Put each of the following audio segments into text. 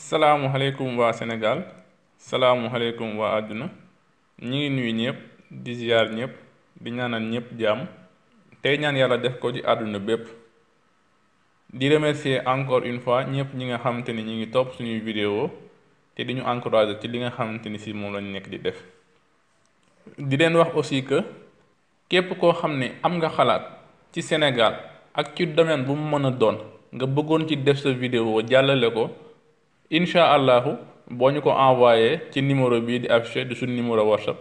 salaamualeykum waa Sénégal salaamualeykum waa àdduna ñi ngi nuyu ñëpp di ziar ñëpp di ñaanal ñëpp jàmm tey ñaan yàlla def ko ci àdduna bépp di remercier encore une fois ñëpp ñi nga xamante ni ñi ngi topp suñuy vidéo te di ñu encourager ci li nga xamante ni si moom lañu nekk di def di leen wax aussi que képp koo xam ne am nga xalaat ci Sénégal ak ci domaine bu mu mën doon nga bëggoon ci def sa vidéo jàllale ko incha allahu boo ñu ko envoyé ci numéro bii di affiché di suñ numéro whatsapp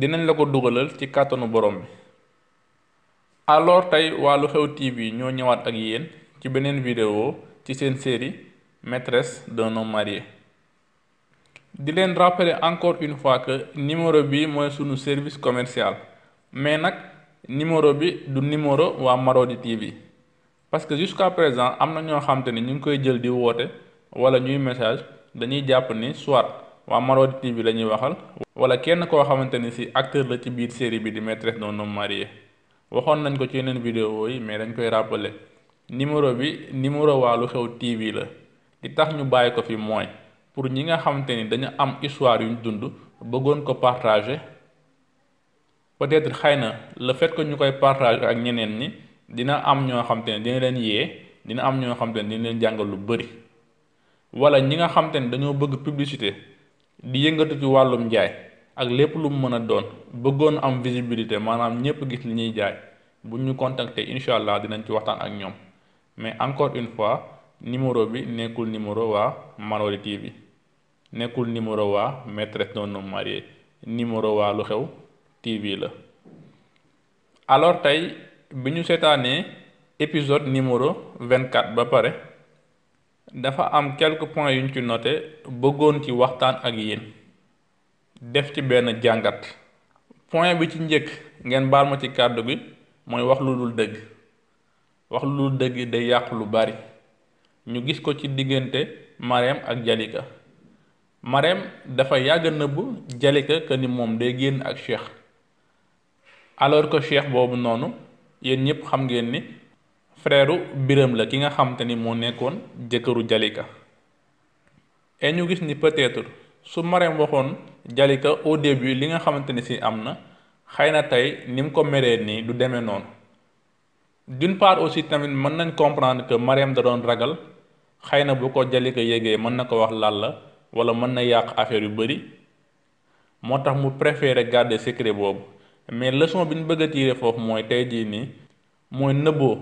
dinañ la ko dugalal ci kàttanu borom bi alors tey waa Lu Xew TV ñoo ñëwaat ak yéen ci beneen vidéo ci seen série maîtresse d'un homme marié di leen rappeler encore une fois que numéro bi mooy sunu service commercial mais nag numéro bi du numéro waa Marodi TV parce que jusqu'à présent am na ñoo xam te ni ñu ngi koy jël di woote wala ñuy message dañuy jàpp ni soit waa Marodi TV la ñuy waxal wala kenn koo xamante ni si acteur la ci biir série bi di maîtresse d'un homme marié waxoon nañ ko ci yeneen vidéo yi mais dañ koy rappeler numéro bi numéro waa lu xew TV la li tax ñu bàyyi ko fi mooy pour ñi nga xamante ni dañu am yu ñu dund bëggoon ko partager peut-être xëy na le fait que ñu koy partager ak ñeneen ñi dina am ñoo xamte ne dina leen yee dina am ñoo xamante ne dina leen jàngal lu bëri wala ñi nga xam te ne dañoo bëgg publicité di yëngatu ci wàllum njaay ak lépp lu mu mën a doon bëggoon am visibilité maanaam ñépp gis li ñuy jaay bu ñu contacter incha allah dinañ ci waxtaan ak ñoom mais encore une fois numéro bi nekkul numéro waa Marodi TV nekkul numéro waa maîtresse d'un homme marié numéro waa lu xew TV la alors tey bi ñu seetaanee épisode numéro vingt-quatre ba pare dafa am point yu ñu ci noote bëggoon ci waxtaan ak yéen def ci benn jàngat point bi ci njëkk ngeen baal ma ci kàddu gi mooy wax lu dul dëgg wax lu dul dëgg day yàq lu bari ñu gis ko ci diggante Marème ak Jalika Marème dafa yàgg nëbb Jalika que ni moom day génn ak Cheikh alors que Cheikh boobu noonu yéen ñëpp xam ngeen ni frère Biram la ki nga xam ni moo nekkoon jëkkëru Jalika et ñu gis ni peut-être su Marème waxoon Jalika au début li nga xamante ni si am na xëy na tey ni mu ko meree nii du demee noonu d'une part aussi tamit mën nañ comprendre que Marème da doon ragal xëy na bu ko Jalika yégee mën na ko wax Lalla wala mën na yàq affaire yu bëri moo tax mu préféré garder secret boobu mais leçon bi ñu bëgg a tiire foofu mooy tey jii nii mooy nëbboo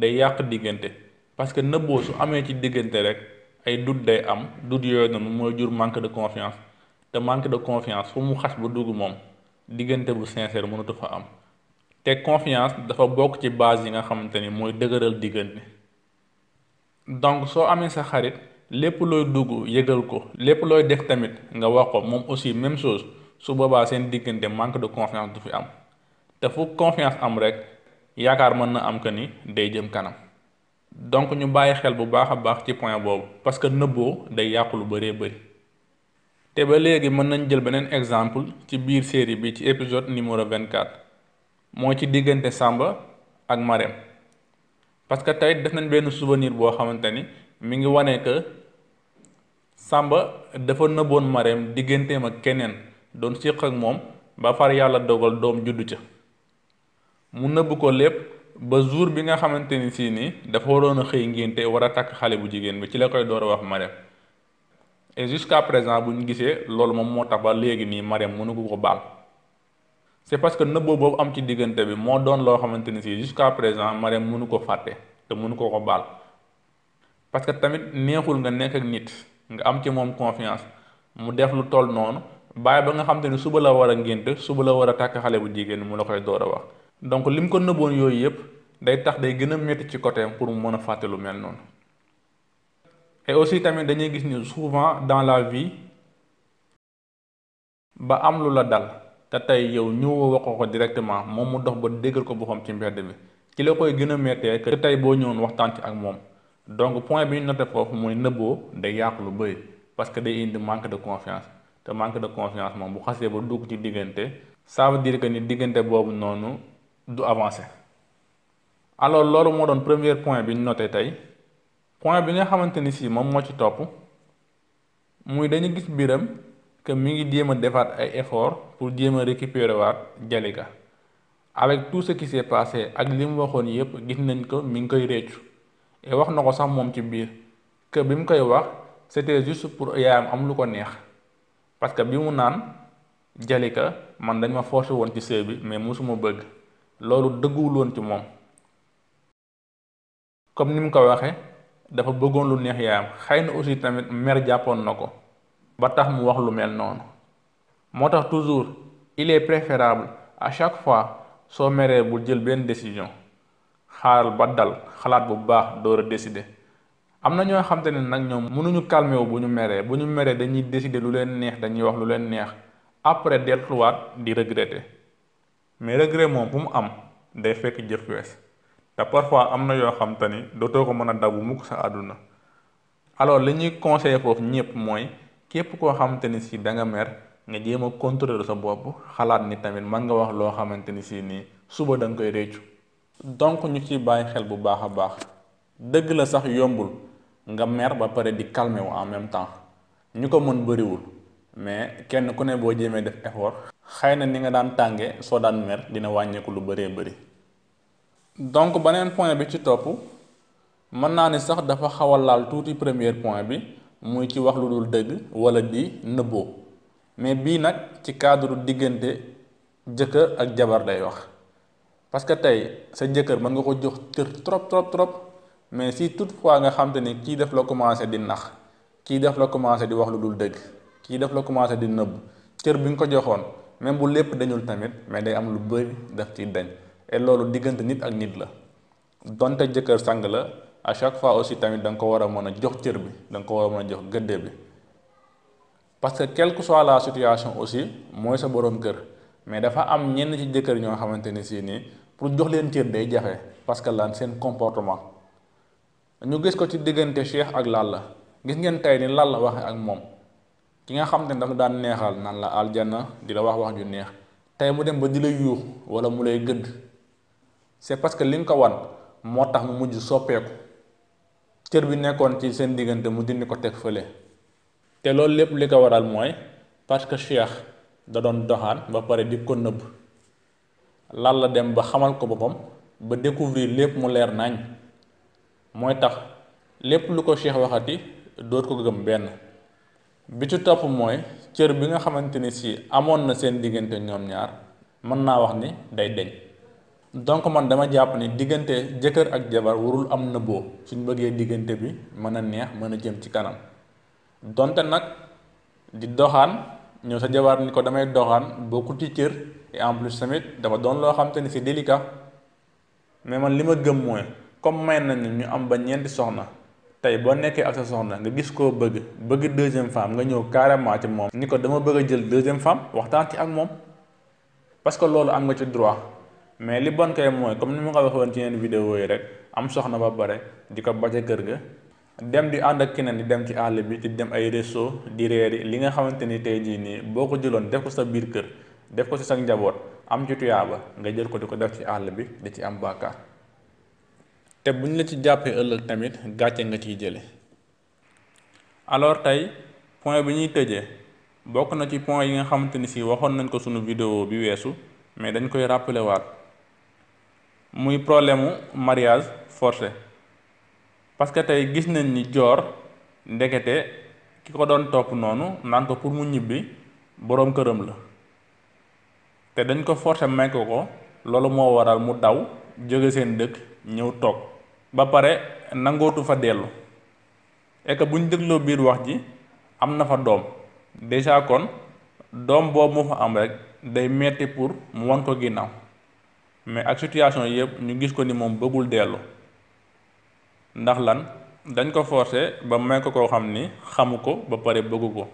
day yàq diggante parce que nëbboo su amee ci diggante rek ay dut day am dut yooyu noonu mooy jur manque de confiance te manque de confiance fu mu xas ba dugg moom diggante bu sincère mënatu fa am te confiance dafa bokk ci base yi nga xamante ni mooy dëgëral diggante donc soo amee sa xarit lépp looy dugg yëgal ko lépp looy def tamit nga wax ko moom aussi même chose su boobaa seen diggante manque de confiance du fi am te fu confiance am rek. yaakaar mën na am que ni day jëm kanam donc ñu bàyyi xel bu baax a baax ci point boobu parce que nëbboo day yàqu lu bëree bëri te ba léegi mën nañ jël beneen exemple ci biir série bi ci épisode numéro 24 moo ci diggante sàmba ak Marème parce que tey def nañ benn souvenir boo xamante ni mi ngi wane que sàmba dafa nëbboon Marème digganteem ak keneen doon siq ak moom ba far yàlla dogal doom juddu ca. mu nëbb ko lépp ba jour bi nga xamante ni si ni dafa waroon a xëy ngénte war a takk xale bu jigéen bi ci la koy door a wax Marème et jusqu'à présent bu ñu gisee loolu moom moo tax ba léegi nii Marème mënu ko ko baal c'est parce que nëbboo boobu am ci diggante bi moo doon loo xamante ni si jusqu'à présent Marème mënu ko fàtte te mënu ko ko baal parce que tamit neexul nga nekk ak nit nga am ci moom confiance mu def lu toll noonu bàyyi ba nga xam ni suba la war a ngénte suba la war a takk xale bu jigéen mu la koy door a wax donc lim ko nëbboon yooyu yëpp day tax day gën a métti ci côté pour mu mën a fàtte lu mel noonu aussi tamit dañuy gis ni souvent dans la vie ba am lu la dal te tey yow ñëwoo wax ko directement moom mu dox ba déggal ko boppam ci mbedd bi ci la koy gën a méttee que tey boo ñëwoon waxtaan ci ak moom donc point bi ñu noté foofu mooy nëbboo day yàq lu bëri parce que day indi manque de confiance te manque de confiance moom bu xasee ba dugg ci diggante ça veut que ni diggante boobu noonu. du avancé alors loolu moo doon première point bi ñu noté tey point bi nga xamante ni si moom moo ci topp muy dañu gis biram que mi ngi jéem a defaat ay effort pour jéem a récupérer waat Jalika avec tout ce qui s'est passé ak li mu waxoon yépp gis nañ ko mu ngi koy réccu et wax na ko sax moom ci biir kër bi mu koy wax c'était juste pour yaayam am lu ko neex parce que bi mu naan Jalika man dañ ma forcé woon ci sëy bi mais mosuma bëgg loolu dëgguwul woon ci moom comme ni mu ko waxe dafa bëggoon lu neex yaayam xëy na aussi tamit mer jàppoon na ko ba tax mu wax lu mel noonu moo tax toujours il préférable à chaque fois soo meree bu jël benn décision xaaral ba dal xalaat bu baax doora a am na ñoo xam te ne nag ñoom mënuñu calmer bu ñu meree bu ñu meree dañuy décidé lu leen neex dañuy wax lu leen neex après delluwaat di regretter. mais regret moom bu mu am day fekk jëf wees te parfois am na yoo xam te ni dootoo ko mën a dabu mukk sa àdduna alors li ñuy conseillé foofu ñëpp mooy képp koo xamante ni si da nga mer nga jéem a contrôler sa bopp xalaat ni tamit man nga wax loo xamante ni si nii suba danga koy réccu donc ñu ci bàyyi xel bu baax a baax dëgg la sax yombul nga mer ba pare di calmer wu en même temps ñu ko mën bëriwul mais kenn ku ne boo jéemee def effort. xëy na ni nga daan tànge soo daan mer dina wàññeeku lu bëree bëri. donc beneen point bi ci topp mën naa ni sax dafa xaw a laal tuuti première point bi muy ci wax lu dul dëgg wala di nëbboo mais bii nag ci cadre diggante jëkkër ak jabar day wax parce que tey sa jëkkër mën nga ko jox cër trop trop trop mais si tout toutefois nga xam ni kii def la commencé di nax kii def la commencé di wax lu dul dëgg. kii def la commencé di nëbb cër bi nga ko joxoon même bu lépp dañul tamit mais day am lu bëri daf ci dañ et loolu diggante nit ak nit la donte jëkkër sang la à chaque fois aussi tamit da nga ko war a mën a jox cër bi da nga ko war a mën a jox gëddee bi parce que quelle que soit la situation aussi mooy sa boroom kër mais dafa am ñenn ci jëkkër ñoo xamante ni si nii pour jox leen cër day jafe parce que lan seen comportement ñu gis ko ci diggante Cheikh ak Lalla gis ngeen tey ni Lalla waxee ak moom. ki nga xam ne ne dafa daan neexal naan la aljana di la wax wax ju neex tey mu dem ba di la yuux wala mu lay gëdd c'est parce que li nga ko wan moo tax mu mujj soppeeku cër bi nekkoon ci seen diggante mu dindi ko teg fële te loolu lépp li ko waral mooy parce que Cheikh da doon doxaan ba pare di ko nëbb lan la dem ba xamal ko boppam ba découvrir lépp mu leer nañ mooy tax lépp lu ko Cheikh waxati dootu ko gëm benn bi ci topp mooy cër bi nga xamante ni si amoon na seen diggante ñoom ñaar mën naa wax ni day deñ donc man dama jàpp ni diggante jëkkër ak jabar warul am nëbboo suñ bëggee diggante bi mën a neex mën a jëm ci kanam donte nag di doxaan ñoo sa jabar ni ko damay doxaan bokkut ci cër et en plus tamit dafa doon loo xam te ni si délicat mais man li ma gëm mooy comme may nañu ñu am ba ñeenti soxna tey boo nekkee ak sa soxna nga gis koo bëgg bëgg deuxième femme nga ñëw carrément ci moom ni ko dama bëgg a jël deuxième femme waxtaan ci ak moom parce que loolu am nga ci droit mais li bon kay mooy comme ni ma ko waxoon ci yeneen vidéo yi rek am soxna ba pare di ko ba kër ga dem di ànd ak keneen di dem ci àll bi di dem ay réseau di reeri li nga xamante ni tey jii nii boo ko jëloon def ko sa biir kër def ko ci sa njaboot am ci tuyaaba nga jël ko di ko def ci àll bi di ci am bàkkaar te bu la ci jàppee ëllëg tamit gàcce nga ciy jële alors tey point bi ñuy tëjee bokk na ci point yi nga xamante ni si waxoon nañ ko sunu vidéo bi weesu mais dañ koy rappelé waat muy problème mariage forcé parce que tey gis nañ ni joor ndekete ki ko doon topp noonu naan ko pour mu ñibbi boroom këram la te dañ ko forcé may ko ko loolu moo waral mu daw jóge seen dëkk ñëw toog ba pare nangootu fa dellu et que bu ñu dégloo biir wax ji am na fa doom déjà kon doom boobu moo fa am rek day metti pour mu wan ko ginnaaw mais ak situation yëpp ñu gis ko ni moom bëggul dellu ndax lan dañ ko forcé ba may ko koo xam ni xamu ko ba pare bëggu ko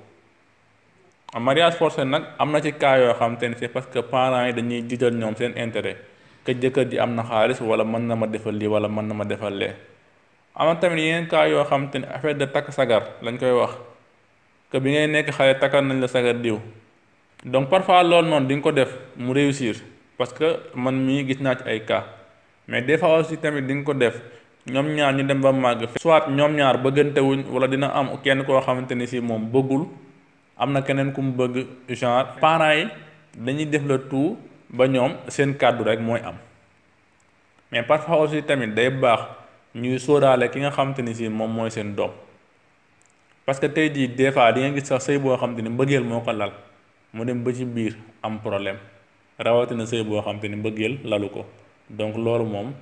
mariage forcé nag am na ci cas yoo xam te ni c'est parce que parents yi dañuy jiital ñoom seen intérêt que jëkkër ji am na xaalis wala mën na ma defal lii wala mën na ma defal lee am na tamit yeneen cas yoo xam te ne affaire de takk sagar lañ koy wax que bi ngay nekk xale takkal nañ la sagar diw donc parfois loolu noonu di nga ko def mu réussir parce que man mii gis naa ci ay ka mais des fois si tamit di nga ko def ñoom ñaar ñu dem ba màgg soit ñoom ñaar bëggantewuñ wala dina am kenn koo xamante ni si moom bëggul am na keneen ku mu bëgg genre parents yi dañuy def la tout ba ñoom seen kàddu rek mooy am mais parfois aussi tamit day baax ñuy soodaalee ki nga xam te ni si moom mooy seen doom parce que tey jii des fois di nga gis sax sëy boo xam te ni mbëggeel moo ko lal mu dem ba ci biir am problème rawatina sëy boo xam te ni lalu ko donc loolu moom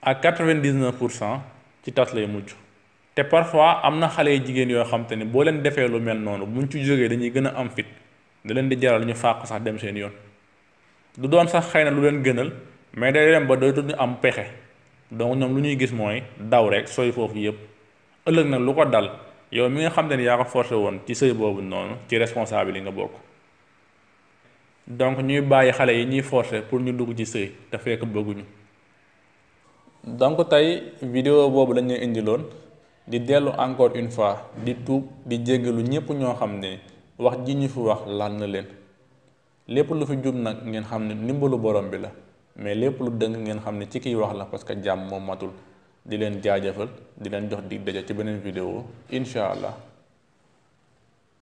ak quatre-vingt-dix-neuf pour cent ci tas lay mujj te parfois am na xale yu jigéen yoo xam te boo leen defee lu mel noonu buñ ci jógee dañuy gën a am fit da leen di jaral ñu fàq sax dem seen yoon. lu doon sax xëy na lu leen gënal mais day dem ba dootuñu am pexe donc ñoom lu ñuy gis mooy daw rek sooy foofu yëpp ëllëg nag lu ko dal yow mi nga xam ne yaa ko forcé woon ci sëy boobu noonu ci responsable yi nga bokk donc ñuy bàyyi xale yi ñuy forcé pour ñu dugg ci sëy te fekk bëgguñu donc tey vidéo boobu lañuy indiloon di dellu encore une fois di tuub di jéggalu ñëpp ñoo xam ne wax ji ñu fi wax laal na leen lépp lu fi jub nag ngeen xam ne ndimbalu borom bi la mais lépp lu dëng ngeen xam ne ci kiy wax la parce que jàmm moom matul di leen jaajëfal di leen jox di daje ci beneen vidéo incha allah